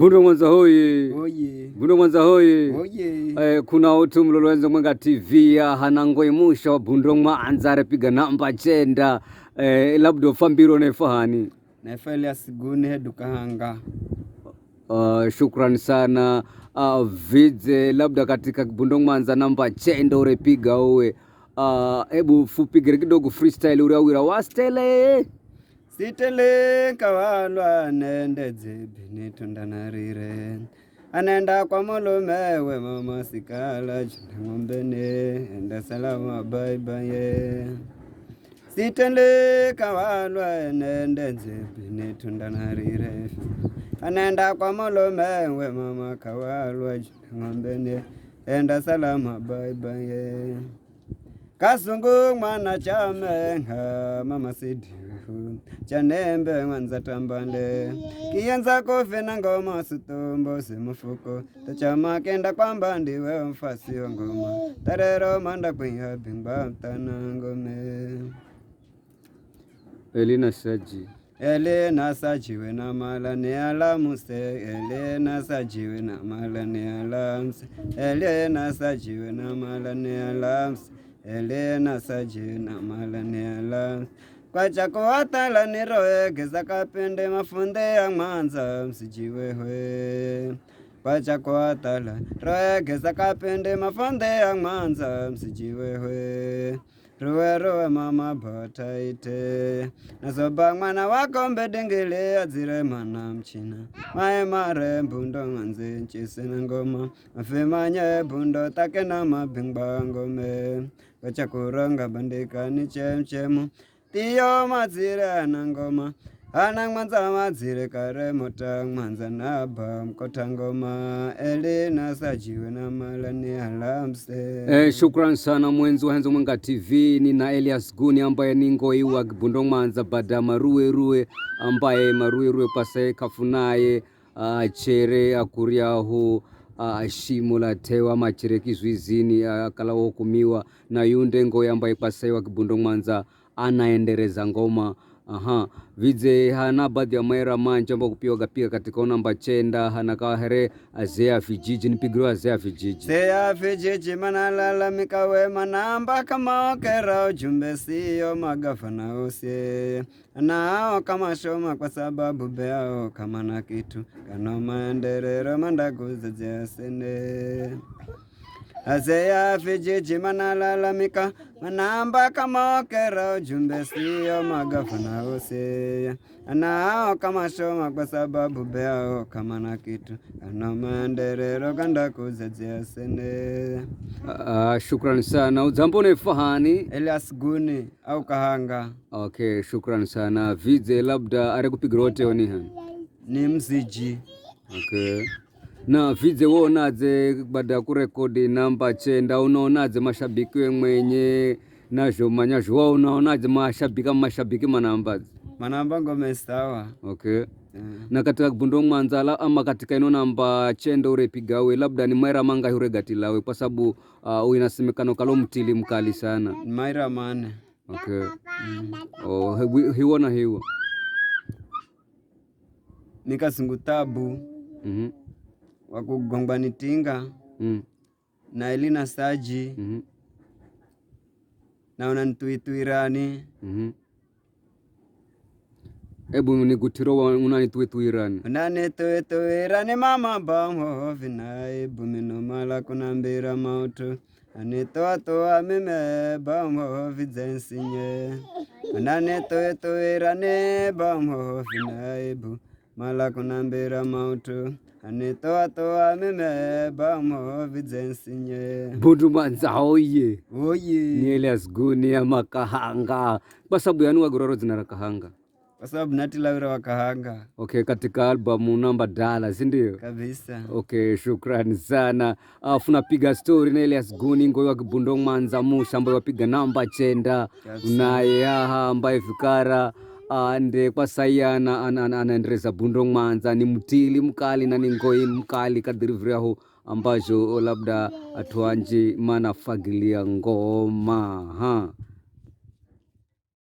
Bundo Mwanza hoye, hoye. Bundo Mwanza hoye, hoye. Eh, kuna utu mlolwenzo mwenga TV ya hanangoimusha Bundo Mwanza repiga namba chenda eh, labda ufambiro naefahani naifa Elias Gune hedukahanga Uh, ah, shukran sana uh, vidze labda katika Bundo Mwanza namba chenda urepiga uwe hebu ah, uh, fupigire kidogo freestyle uriawira wastele siteleka vandu anende dzibi nitundanarire anenda kwa mulume we mama sikala chunda ng'ombeni enda salama baibaye siteleka vandu anende dzibi nitundanarire anenda kwa mulume we mama kawalwa chunda ng'ombeni enda salama baibaye kasungu mwana chamenga mama sidihu chanembe ng'wanza tambande kiyenza kofe na ngoma sutumbo simufuko tachama kenda kwamba ndiwe mfasi wa ngoma tarero manda kwiha bingwa mtana ngome elina saji elena sajiwe na mala ni alamuse elena sajiwe na mala ni alamse elena sajiwe na mala ni alamse elena sajina malanela kwachako wathalaniroe kezakapende mafunde ya mwanza msijiwehwe kwachako wathala roe kezakapende mafunde ya mwanza msijiwehwe ruwerowe mamabhotaite nazoba mwana wako mbedengele adzire mana mchina mae mare mbundo manzi nchisina ngoma mafimanye bhundo take na mabhingwa ngome kachakuronga bandika ni chemchemo tiyo madzire ana ngoma Anang manza mazire kare motang manza na ngoma ele elina sajiwe na malani alamse. Eh, shukran sana mwenzi wa Henzo mwenga TV. na Elias Guni ambaye ni ngoi wa Bundo Mwanza bada maruwe ruwe ambaye maruwe ruwe pase kafunaye uh, ah, chere akuriaho uh, ah, shimo la tewa machere kizuizini ah, akala uh, wokumiwa na yunde ngoi ambaye pase wa Bundo Mwanza anaendereza ngoma Aha. Vidze hana baadhi ya maera manja mba kupiga piga katika namba chenda hana kawa here azea vijiji nipigirwa azea vijiji zea vijiji manalalamika wema manamba kama okera ujumbe siyo magavana usie nao kama shoma kwa sababu beao kama na kitu kano maenderero mandaguze jesene Azeya vijiji manalalamika, manaamba kama okera, ujumbe sio magavana usia anao kama shoma, kwa sababu beao kama na kitu ana maenderero ganda kuzajia sende. Uh, ah, ah, shukrani sana. Ujambo fahani Elias Guni au Kahanga. Okay, shukrani sana. Vize labda are kupiga oniha. Ni mziji. Okay na vidze woonadze bada ya kurekodi namba chenda unaonaze mashabiki we mwenye nazho manya wa unaonaze mashabiki mashabiki manambazi manamba ngome sawa okay Mm. na katika bundo mwanzala ama katika ino namba chenda urepigawe labda ni maira yure gatilawe kwa sababu uh, uinasemekana ukalo mtili mkali sana maira mane okay. Mm. Oh, hiwo na hiwo nikasingutabu mm -hmm wakugongwa nitinga Tinga mm. na Elina Saji mm -hmm. na unanituitwirani mm -hmm. ebu nikutiro unanituitwirani unanituitwirani mama bahovi vina ebu minomala kunambira mautu anitwatwa mime bahovi zensinye unanituitwirani bahovi vina ebu mala kunambira mautu Nitoa mime bamo vizensinye buduman zaoye oye nielas gunia makahanga kwa sababu yani wagororo zina la kahanga kwa sababu nati lawira wa kahanga okay katika albamu namba dala si ndio kabisa okay shukrani sana afu napiga stori na Elias Guni ngoyo wa kibundo mwanza musa ambaye wapiga namba chenda naye aha ambaye fikara Uh, nde kwa sai anaendeleza bundo mwanza ni mtili mkali na ni ngoi mkali kadiri vyaho ambazo labda mana manafagilia ngoma ha